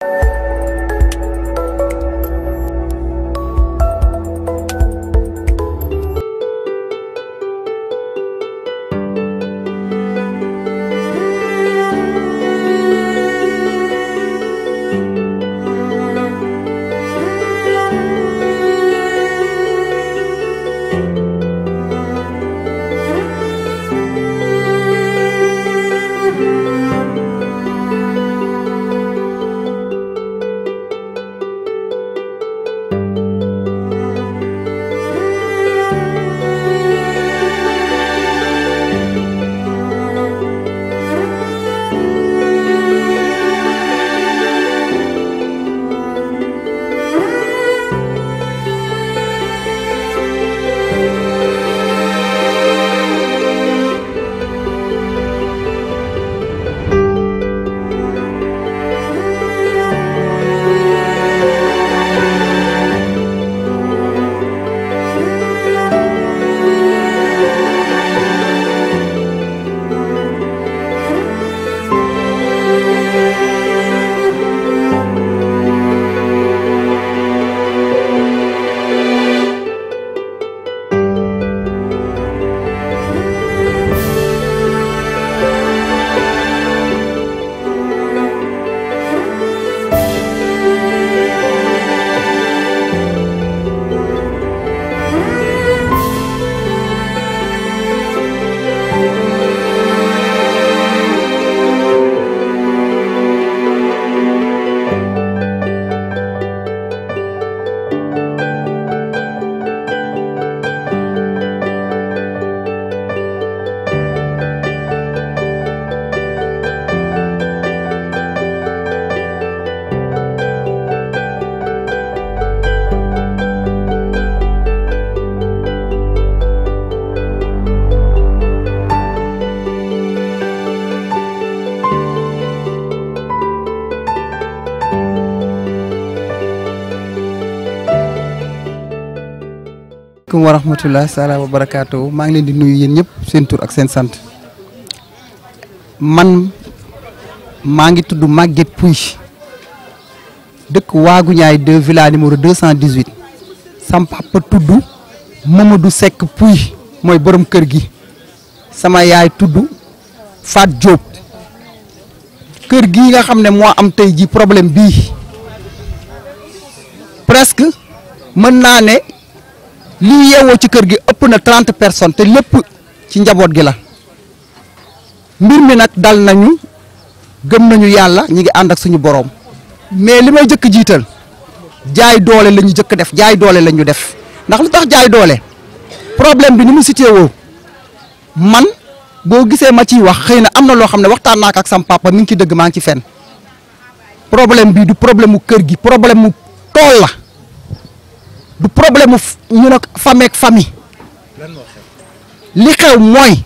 thank you aleykum wa rahmatulah sala wa barakaatu maa ngi leen di nuyu yéen ñëpp seen tur ak seen sant man maa ngi tudd Maguette Pouy dëkk Waagu Ñaay 2 villa numéro 218 sam papa tudd Mamadou Seck Pouy mooy boroom kër gi sama yaay tudd Fat Diop kër gi nga xam ne moo am tey ji problème bi presque mën naa ne lii yeewoo ci kër gi ëpp na trente personnes te lépp ci njaboot gi la mbir mi nag dal nañu gëm nañu yàlla ñi ngi ànd ak suñu boroom mais li may jëkk jiital jaay doole la ñu jëkk def jaay doole lañu def ndax lu tax jaay doole problème bi ni mu situé woo man boo gisee ma ciy wax xëy na am na loo xam ne waxtaan naa ak sam papa ngi ci dëgg maa ngi ci fen problème bi du problème mu kër gi problème mu tool la du problème mu ñu ne famille ak li xew mooy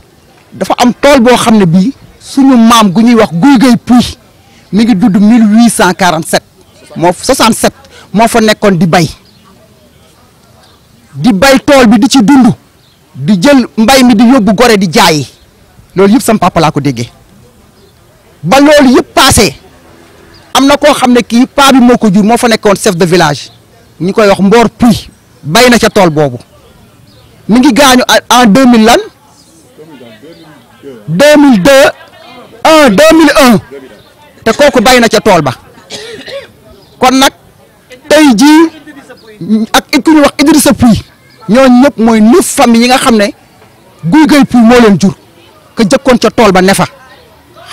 dafa am tool boo xam ne bii suñu maam gu ñuy wax guy gay puy mi ngi dudd 1847 moo 67 moo fa nekkoon di bay di bay tool bi di ci dund di jël mbay mi di yóbbu gore di jaayi loolu yëpp sam laa ko déggee ba loolu yëpp paase am na koo xam ne kii paa bi moo ko jur moo fa nekkoon chef de village. ñu koy wax mboor Puy bay na ca tool boobu mi ngi gaañu en deux mille lan deux mille deux un deux mille un te kooku bay na ca tool ba kon nag tey jii ak it ku ñuy wax Idrissa Puy ñoo ñëpp mooy neuf famille yi nga xam ne Gouye Gui Puy moo leen jur ka jëkkoon ca tool ba ne fa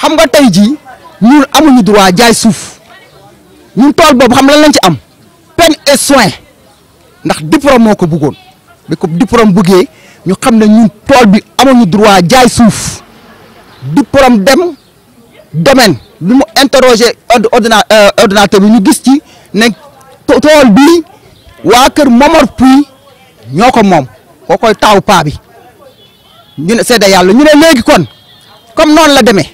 xam nga tey jii ñun amuñu droit jaay suuf ñun tool boobu xam la lañ ci am. peine et soin ndax diplôme moo ko bëggoon bi ko diplôme bëggee ñu xam ne ñun tool bi amuñu droit jaay suuf diplôme dem domaine lu mu interroger ordina euh, ordinateur bi ñu gis ci ne tool bi waa kër Momar Pouy ñoo ko moom ko koy taaw paa bi ñu ne seede yàlla ñu ne léegi kon comme noonu la demee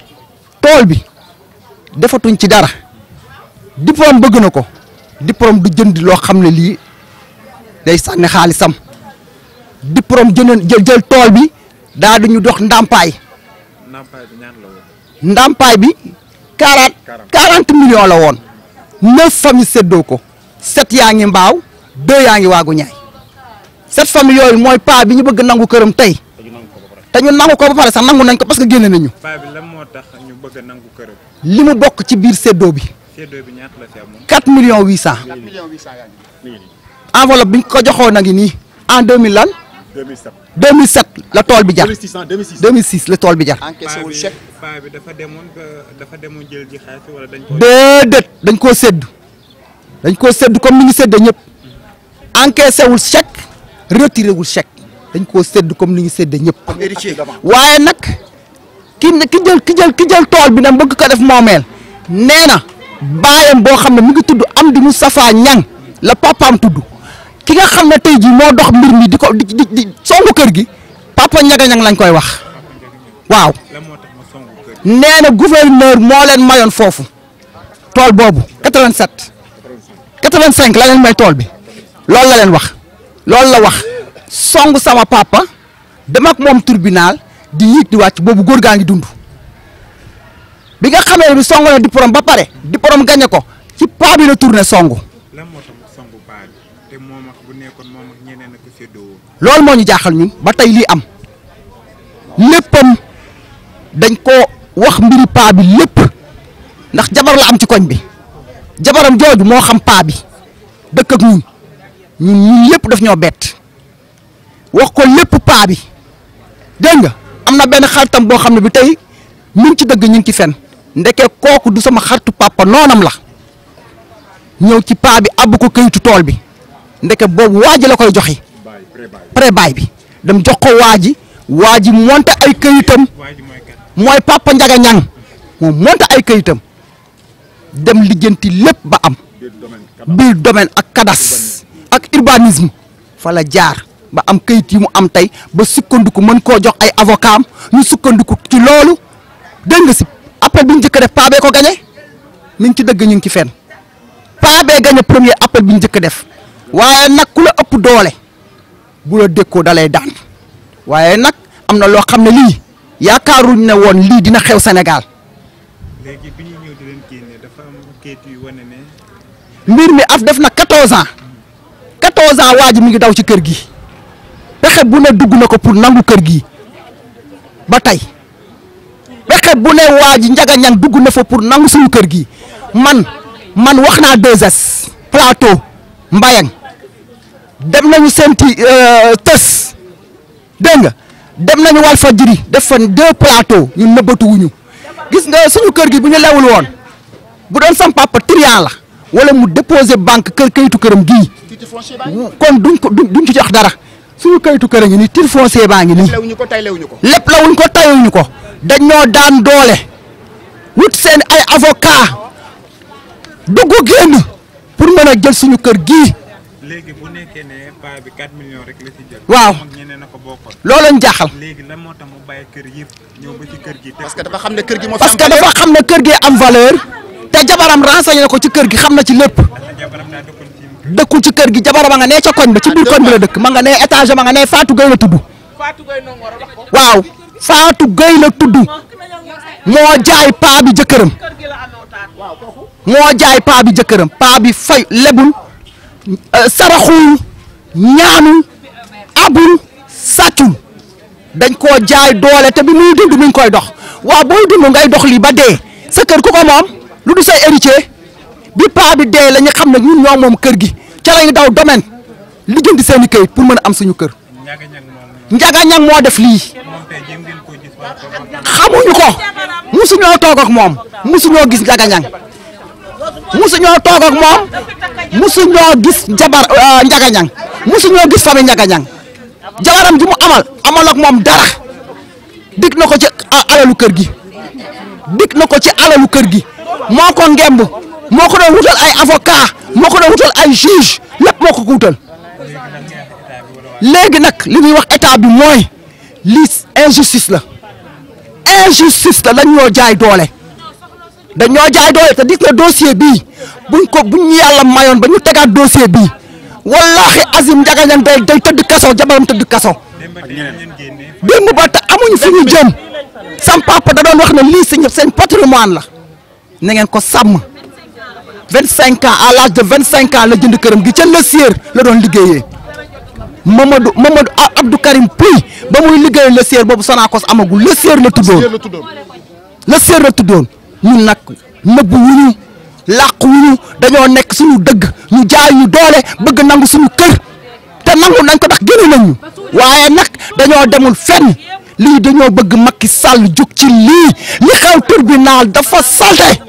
tool bi defatuñ ci dara diplôme bëgg na ko diplôme du jënd loo xam ne lii day sànni xaalisam diplôme jënd jël jël tool bi daa du ñu dox ndàmpaay. ndàmpaay bi ñaar la woon. ndàmpaay bi quarante. quarante millions la woon. neuf familles seddoo ko. sept yaa ngi mbaaw deux yaa ngi waagu ñaay. sept familles yooyu mooy paa bi ñu bëgg nangu këram tey. te ñu nangu ko ba pare sax nangu nañ ko parce que génne nañu. paa bi lan moo tax ñu bëgg nangu këram. li mu bokk ci biir séddoo bi. séddoo bi ñaata la ci am moom. 4 millions bi ñu ko joxoon a ngi nii en 2000 lan. 2007 2007 la tool bi jar. 2006 2006 2006 la tool bi jar. encaissé wul chèque paa bi dafa demoon dafa demoon jël wala dañ ko. déedéet dañ koo sédd dañ koo sedd comme ni ngi séddee ñëpp encaissé wul chèque retiré wul chèque dañ koo sedd comme ni ñu séddee ñëpp. waaye nag ki ki jël ki jël ki jël tool bi nag bëgg ko def moomeel nee na. baayam boo xam ne mu ngi tudd am Amdi Moustapha Niang la papaam tudd ki nga xam ne tey jii moo dox mbir mi di ko di di songu kër gi papa Ndiaga Niang lañ koy wax waaw nee na gouverneur moo leen mayoon foofu tool boobu 87 85 la leen may tool bi loolu la leen wax loolu la wax songu sama papa dem ak moom tribunal di yéeg di wàcc boobu góor gaa ngi dund. bi nga xamee ni song na diplôme ba pare diplôme gagné ko ci paa bi la tourné songu. lan bu nekkoon moom ak loolu moo ñu jaaxal ñun ba tey lii am léppam dañ ko wax mbiri paa lépp ndax jabar la am ci koñ bi jabaram jooju moo xam paa bi dëkk ñun ñun ñun lépp daf ñoo bett wax ko lépp paa bi dégg nga am na benn xaritam boo xam ne bi tey ñu ci dëgg ñu ngi ci fen ndeke kooku du sama xaritu papa noonam la ñëw ci paa bi àbb ko kayitu tool bi ndeke boobu waa la koy joxe pré baay bi dam jox ko waa ji waa ji monte ay kayitam mooy papa Njaga Ñang moom monte ay kayitam dem lijjanti lépp ba am biir domaine ak kadas ak urbanisme fa la jaar ba am kayit yi mu am tey ba sukkandiku mën koo jox ay avocat am ñu sukkandiku ci loolu dégg nga si appel bi ñu njëkk def paa ko gagné mi ci dëgg ñu ngi ci fenn paa bee gagné premier appel bi ñu njëkk def waaye nag ku la ëpp doole bu la dékkoo dalay daan waaye nag am na loo xam ne lii yaakaaruñ ne woon lii dina xew senegal léegi bi ñuy wane mbir mi af def na 14 ans 14 ans waa ji mi ngi daw ci kër gi pexe bu ne dugg na ko pour nangu kër gi ba tey. pexe bu ne waa ji njaga ñan dugg na fa pour nangu suñu kër gi man man wax naa 2S plateau mbayang dem nañu seenti euh, tës dégg nga dem nañu Walfadjri def fa deux plateau ñu nëbbatu wuñu gis nga suñu kër gi bu ñu lewul woon bu doon sam papa trian la wala mu déposer banque kër kayitu këram gii kon duñ ko duñ ci jox dara suñu kayitu kër a ni nii titre foncier baa ngi nii lépp lawuñ ko taylewuñu ko dañoo daan doole wut seen ay avocat dugg génn pour mën a jël suñu kër gii. léegi bu nekkee ne paa bi 4 millions rek waaw ñeneen na ko bokkoon. loolu lañ jaaxal. léegi lan moo tax mu bàyyi kër yëpp ñëw kër gi. parce que dafa xam ne kër gi moo parce que dafa xam ne kër gi am valeur. te jabaram renseigné na ko ci kër gi xam na ci lépp. dëkku ci kër gi jabaram a nga nee ca koñ ba ci biir ah, bi la dëkk ma nga nee étage ma nga nee Fatou Gueye la tudd. waaw. Faatu gayna la tudd moo jaay paa bi jëkkëram moo jaay paa bi jëkkëram paa bi fay lebul euh, saraxul ñaanul abul sàccul dañ koo jaay doole te bi muy dund mi ngi koy dox waaw booy dund ngay dox lii ba dee sa kër ku ko moom lu du say héritier bi paa bi dee la xam ne ñun ñoo moom kër gi ca lañu daw domaine li di seen i pour mën a am suñu kër njaga ñang moo def lii xamuñu ko musuñoo toog ak moom musuñoo gis Ndiaga Niang musuñoo toog ak moom gis jabar euh, Ndiaga Niang musuñoo gis famille Ndiaga jabaram ji mu amal amal moom dara dig na ko ci alalu kër gi dig na ko ci alalu kër gi moo ko ngemb moo ko doon wutal ay avocat moo ko doon wutal ay juge lépp moo ko ko léegi nag li ñuy wax état bi mooy lii injustice la injustice la dañ jaay doole dañoo jaay doole te gis nga dossier bii buñ ko buñ ñu yàlla mayoon ba ñu tegaat dossier bii wallaahi Azim Ndiaga Niang day day tëdd kaso jabaram tëdd kaso. démb ba te amuñu fu ñu jëm sam papa da doon wax ne lii si seen patrimoine la na ngeen ko sàmm vingt cinq ans à l'âge de vingt cinq ans la jënd këram gi ca la sieur la doon liggéeyee. Mamadou Mamadou ah, du Karim Pouy ba muy liggéey le séer boobu Sonacos amagul le séer la tuddoon le séer la tuddoon ñun nag nëbb wuñu làq wuñu dañoo nekk suñu dëgg ñu jaay ñu doole bëgg nangu suñu kër te nangu nañ ko ndax génne nañ waaye nag dañoo demul fenn lii dañoo bëgg Macky Sall jug ci lii li xew tribunal dafa salte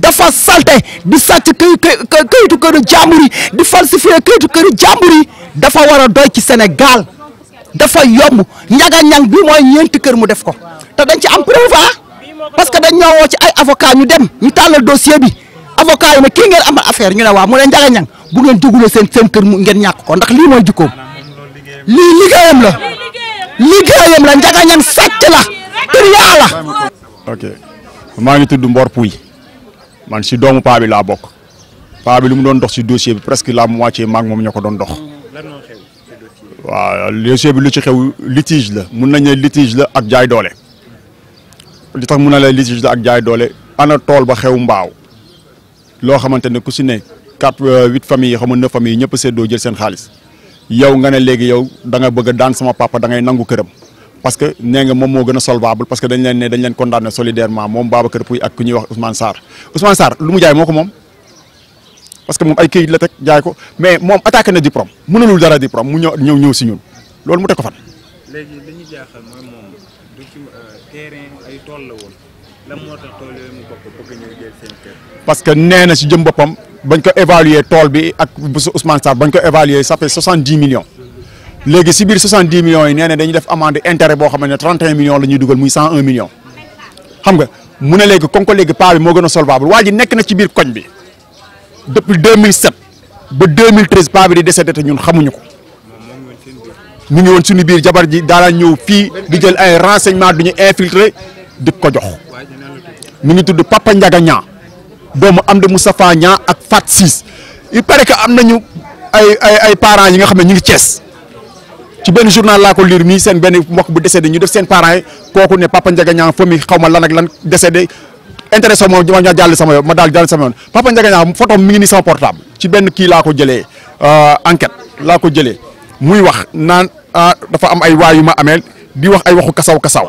dafa salte di sàcc këy këyitu këru jàmbur yi di falsifier këyitu këru jàmbur yi dafa war a doy ci Sénégal dafa yomb ñaga ñang bi mooy ñeenti kër mu def ko te dañ ci am preuve ah. parce que dañ ñoo woo ay avocat ñu dem ñu tàllal dossier bi avocat yi ne kii ngeen amal affaire ñu ne waa mu ne njaga ñang bu ngeen dugalee seen seen kër mu ngeen ñàkk ko ndax lii mooy jikkoom lii liggéeyam la liggéeyam la njaga ñang sàcc la tur yaa la maa ngi tudd Mbor Pouy man si doomu paa bi laa bokk paa bi lu mu doon dox si dossier bi presque la moitié maag moom ñoo ko doon dox. waaw dossier bi lu ci xew litige la mun nañ ne litige la ak jaay doole li tax mun na la litige la ak jaay doole ana tool ba xew mbaaw loo xamante ne ku si ne quatre euh, huit familles yi xam nga neuf familles yi ñëpp a séddoo jël seen xaalis yow nga ne léegi yow da nga bëgg daan sama papa da ngay nangu këram. parce que nee nga moom moo gën a solvable parce que dañ leen ne dañ leen condamné solidairement moom Babacar Pouye ak parce que moom ay këyit la teg jaay ko mais moom attaqué na diplôme mënalul dara diplôme mu ñëw ñëw ñëw si ñun loolu mu ko fan. léegi li ñu jaaxal moom du ci euh, terrain ay tool la woon lan moo tax que nee na si jëm boppam bañ ko évaluer tool bi ak Ousmane Sarr bañ ko évaluer ça fait soixante-dix millions. léegi si biir 70 millions yi nee na dañuy def amende intérêt boo xam ne 31 millions la ñuy dugal muy 101 millions xam nga mu ne léegi kon ko léegi paa moo gën a solvable waa ji nekk na ci biir koñ bi depuis 2007 ba 2013 paa bi di décédé te ñun xamuñu ko mu ngi woon suñu biir jabar ji daala ñëw fii di jël ay renseignements du ñu infiltré di ko jox mu ngi tudd Papa Ndiaga Niang doomu Amdi Moustapha ñaa ak Fat Sis il paraît que am nañu ay ay ay parents yi nga xam ne ñu ngi Thiès. ci benn journal laa ko lire nii seen benn mbokk bu décédé ñu def seen parents yi kooku ne papa Ndiaga Niang famille xaw ma lan ak lan décédé intéressé moom ma ñaa jàll sama yoon ma daal jàll sama yoon papa Ndiaga Niang photo mi ngi nii sama portable ci benn kii laa ko jëlee euh, enquête laa ko jëlee muy wax naan ah, dafa am ay waay yu ma ameel di wax ay waxu kasaw kasaw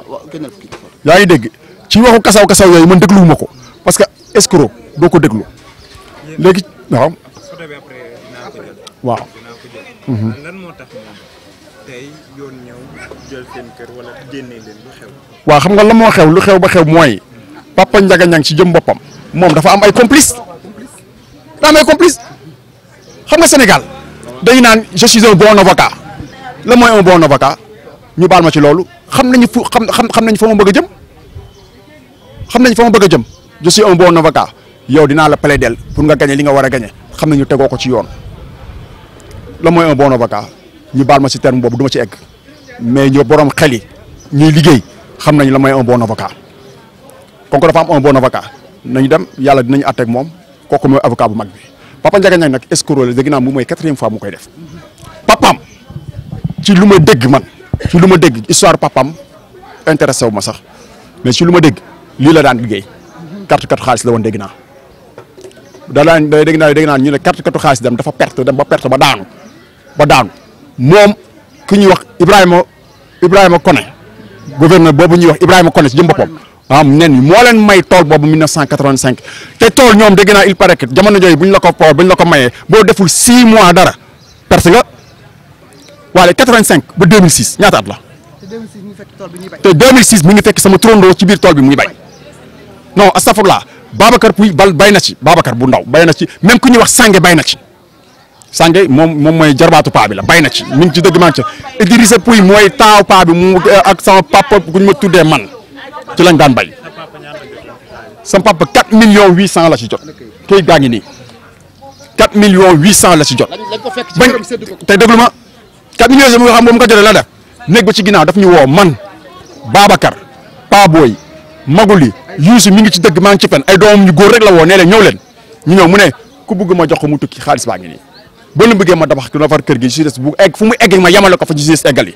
yaa ngi dégg ci waxu kasaw kasaw yooyu man dégluwuma ko parce que escroc doo ko déglu léegi waaw tey yoon ñëw jël seen kër wala génne xam nga la moo xew lu xew ba xew mooy papa Ndiaga Niang ci jëm boppam moom dafa am ay complice daa am ay complice xam nga Sénégal day naan je suis un bon avocat la mooy un bon avocat ñu baal ma ci loolu xam nañu fu xam xam nañu fa ma a jëm xam nañ fa ma bëgg a jëm je suis un bon avocat yow dinaa la plaider pour nga gagné li nga war a gagné xam nañu tegoo ko ci yoon la mooy un bon avocat. ñu baal ma si terme boobu du ci egg mais ñoo borom xel yi ñuy liggéey xam nañ la may un bon avocat kon ko dafa am un bon avocat nañu dem yàlla dinañu àtteeg moom kooku mooy avocat bu mag bi Papa Ndiaga Niang nag escroc la dégg naa mu mooy koy def papam ci lu ma dëgg man ci lu ma dégg histoire papam intéressé wu ma sax mais ci lu ma dégg lii la daan liggéey carte carte xaalis la woon dégg naa da daan dégg naa dégg naa ñu ne carte carte xaalis dem dafa perte dem ba perte ba daanu ba daanu moom ku ñuy wax Ibrahima Ibrahima Koné gouverneur boobu ñuy wax Ibrahima Koné si jëm boppam ah nen yi moo leen may tool boobu 1985 te tool ñoom dégg naa il paraît que jamono jooju bu ñu la ko po bu ñu la ko mayee boo deful 6 mois dara perte nga waale 85 ba 2006 ñaata at la. te 2006 mi ngi fekk tool bi ñuy mi ngi fekk sama turandoo ci biir tool bi muy ngi bay non astafurlah Babacar Pouy bal bay na ci Babacar bu ndaw bay na ci même ku ñuy wax Sange bay na ci. Sanjay moom moom mooy jarbaatu paa bi la bay na ci mi ngi ci dëgg maa ngi ci Idrissa Pouye mooy taaw paa bi mu ak sama papa bu ñu ma tuddee man ci lañ daan bay sama papa 4 millions 800 la ci jot këyit gaa ngi nii 4 millions 800 la ci jot. bañ tey déglu ma 4 millions yi nga xam moom nga jotee la def néeg ba ci ginnaaw daf ñu woo man Babacar Paa Boy Maguli Youssou mi ngi ci dëgg maa ngi ci fen ay doomam ñu góor rek la woo nee leen ñëw leen ñu ñëw mu ne ku bëgg ma jox ko mu tukki xaalis baa ngi nii. boo leen ma tabax ki defar kër gi ci des bu egg fu mu egg ma yamale ko fa ci des eggal yi.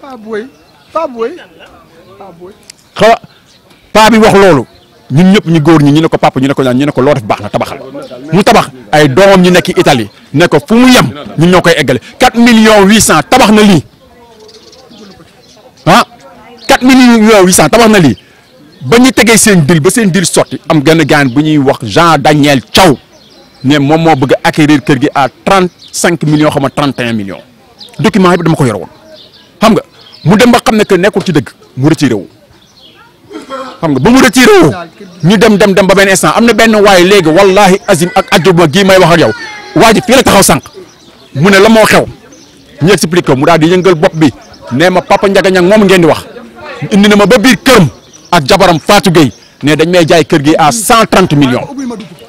paa booy paa booy paa booy. wax loolu ñun ñëpp ñu góor ñi ñu ne ko papa ñu ne ko ñu ne ko loo baax na tabaxal mu tabax ay doomam ñu nekk itali ne ko fu mu yem ñun ñoo koy eggale 4 millions 800 tabax na lii ah 4 millions 800 tabax na lii ba ñu tegee seen dil ba seen dil sotti am gën a gaan bu ñuy wax Jean Daniel Thiaw. ne moom moo bëgg a kër gi à trente cinq millions xam nga trente et un millions document yi dama ko yor woon xam nga mu dem ba xam ne que nekkul ci dëgg mu retiré wu. xam nga ba mu retiré wu ñu dem dem dem ba benn instant am na benn waaye léegi wallahi azim ak ajjuma gii may wax ak yow waa ji fii la taxaw sànq mu ne la moo xew ñu expliqué mu daal di yëngal bopp bi nee ma papa Ndiaga Niang moom ngeen di wax indi na ma ba biir këram ak jabaram Fatou Gueye ne dañ may jaay kër gi à cent trente millions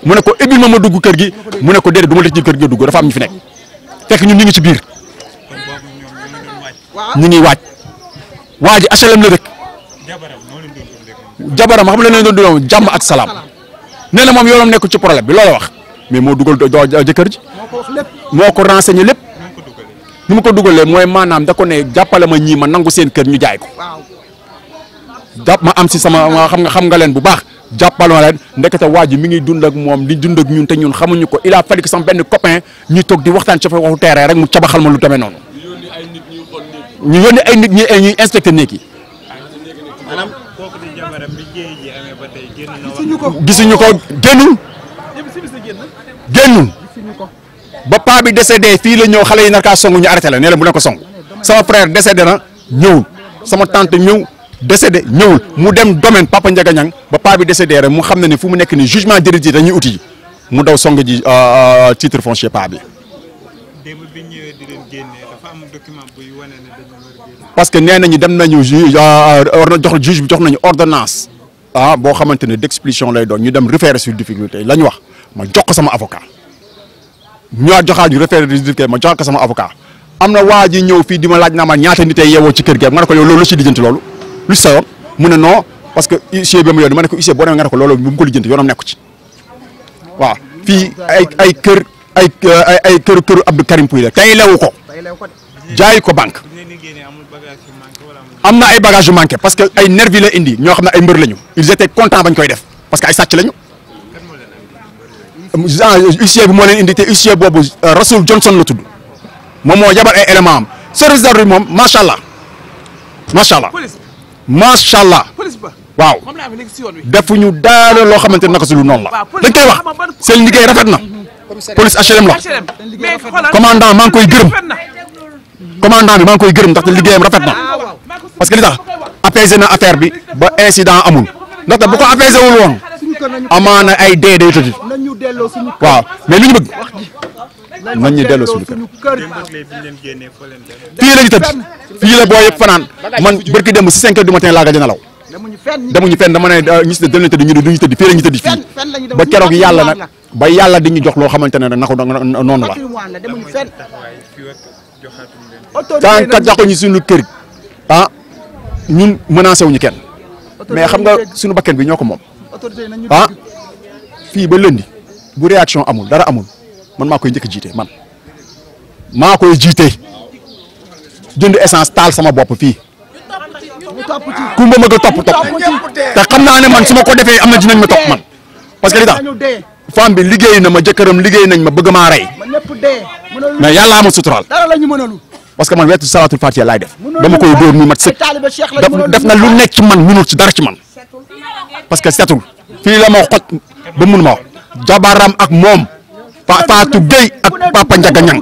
mu ne ko ubbil ma ma dugg kër gi mu ne ko déedéet du ma la ci kër gi dugg dafa am ñu fi nekk fekk ñu ngi ci biir ñu ngi waaj waa ji HLM la dëkk jabaram xam la ne doon doon jàmm ak salaam nee na moom yoonam nekk ci problème bi loolu wax mais moo dugal doo jëkkër ji moo ko renseigné lépp nu mu ko dugalee mooy maanaam da ko ne jàppale ma ñii ma nangu seen kër ñu jaay ko jàpp ma am si sama xam nga xam nga leen bu baax jàppal ma leen ndekete waa ji mi ngi dundak moom di dund ak ñun te ñun xamuñu ko il a fallu sama benn copain ñuy toog di waxtaan ca fa waxu terrain rek mu cabaxal ma lu demee noonu. ñu yónni ay nit ñuy xool ñuy inspecté néeg yi. maanaam kooku bi jéey ji gisuñu ko gisuñu ko ba paa bi fii la ñëw xale yi narkaa songu ñu arrêté la nee la bu ne ko songu sama frère décédé na ñëwul sama tante ñëw. décédé ñëwul mu dem domaine Papa Ndiaga Niang ba paa bi décédé rek mu xam na ne fu mu nekk ni jugement jëri ji dañuy uti mu daw song ji euh, euh, titre foncier paa bi. démb bi ñëwee di leen génnee parce que nee nañu dem nañu ju war euh, jox juge bi jox nañu ordonnance ah boo xamante ne d'expulsion lay doon ñu dem référé sur difficulté la ñu wax ma jox ko sama avocat ñoo joxaat ñu référé sur difficulté ma joxaat ko sama avocat am na waa ñëw fii di laaj naa ma ñaata yeewoo ci kër gi ma ne ko loolu la ci diggante loolu. lu si sa yoon parce que huissier bi ma yónni ma ne ko huissier boo demee nga ne ko loolu bu mu ko lijjanti yoonam nekku ci waaw fii ay ay kër ay ay këru këru Abdou Karim Pouye la tey lewu ko jaay ko banque am na ay bagage yu parce que ay nervi la indi ñoo xam ne ay mbër lañu ils étaient contents bañ koy def parce que ay sàcc lañu huissier bi moo leen indi te huissier boobu euh, Rasoul Johnson la tudd moom moo yabal ay élément am service d'ordre bi moom macha allah macha allah macha allah waaw ñu daara loo xamante ne naka si lu noonu la dañ wax seen liggéey rafet na mhm. police HLM la commandant maa ngi koy gërëm commandant bi maa ngi koy gërëm ndaxte liggéeyam rafet na ah, parce que li tax apaisé na affaire bi ba incident amul ndaxte bu ko apaisé wul woon amaana ay dee day tëdd waaw mais li ñu bëgg nañ ñu delloo suñu kër fii la ñu tëdd. fii la boo yëpp fanaan man bërki dem si 5 heures du matin laa gëj a nelaw demuñu fenn dama ne euh, ñu tëdd ñu tëdd fii la ñu tëdd fii ba keroog yàlla nag ba yàlla di ñu jox loo xamante ne nag naka noonu la tant que ñu suñu kër ah ñun menacé wuñu ken mais xam nga suñu bakken bi ñoo ko moom ah fii ba lëndi bu réaction amul dara amul man maa koy jëkk jiite man maa koy jiite jënd essence taal sama bopp fii kumba ma ko topp topp te xam naa ne man su ma ko defee am na dinañ ma topp man parce que li tax femme bi liggéey na ma jëkkëram liggéey nañ ma bëgg maa rey mais yàllaa ma suturaal parce que man wetu salaatul fatiha laay def ma dama koy dóor mu mat sëkk def na lu nekk ci man mënul ci dara ci man parce que setul fii la ma xoj ba mun ma wax jabaram ak moom Fatou Gueye ak Papa Ndiaga Niang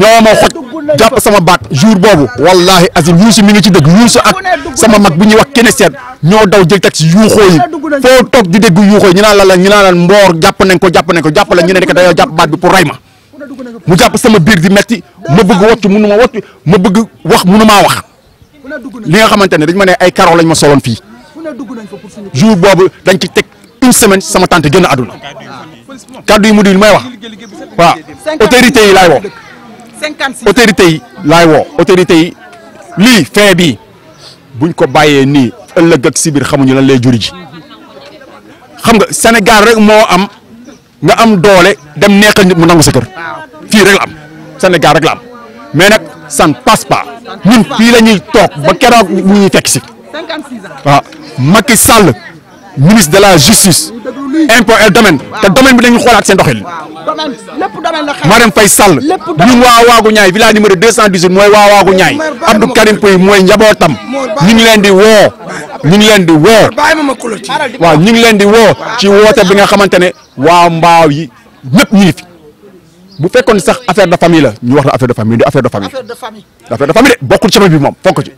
ñoo ma xoj jàpp sama baat jour boobu wallahi azim yuusu mi ngi ci dëgg yuusu ak sama mag bu ñuy wax kene seet ñoo daw jël taxi yuuxoo yi foo toog di dégg yuuxoo yi ñu naan la la ñu naan la mboor jàpp nañ ko jàpp nañ ko jàpp la ñu ne rek dañoo jàpp baat bi pour rey ma mu jàpp sama biir di metti ma bëgg wocc mënu ma wocc ma bëgg wax mënu maa wax li nga xamante ne dañ ma ne ay karo lañ ma soloon fii jour boobu dañ ci teg une semaine sama tante génn àdduna ah. kàddu yi mu di may wax waaw autorité yi laay woo 56 autorités yi laay woo autorité yi lii fin bii buñ ko bàyyee nii ëllëg ak si biir xamuñu lañ lay juri ji xam nga Sénégal rek moo am nga am doole dem neexal nit mu nangu sa kër fii rek la am Sénégal rek la am mais nag ça ne passe ñun fii la ñuy toog ba keroog bu ñuy fekk si waaw Macky Sall. ministre de la justice impôt et domaine te domaine bi dañu xoolaat seen doxalin Marème Faye Sall ñun waa waagu ñaay village numéro 218 mooy waa waagu ñaay Abdou Karim Pouy mooy njabootam ñu leen di woo ñu leen di woo waaw ñu ngi leen di woo ci woote bi nga xamante ne waa mbaaw yi ñëpp ñu ngi fi bu sax affaire de famille la ñu wax la de famille de famille affaire de bi moom fonk ci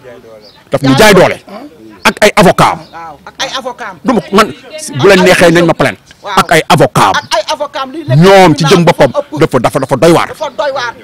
daf jaay doole ak ay avocat am. ak ay avocat am. du ma man bu leen neexee nañ ma plainte. ak ay avocat am. ñoom ci jëm boppam dafa dafa dafa doy waar.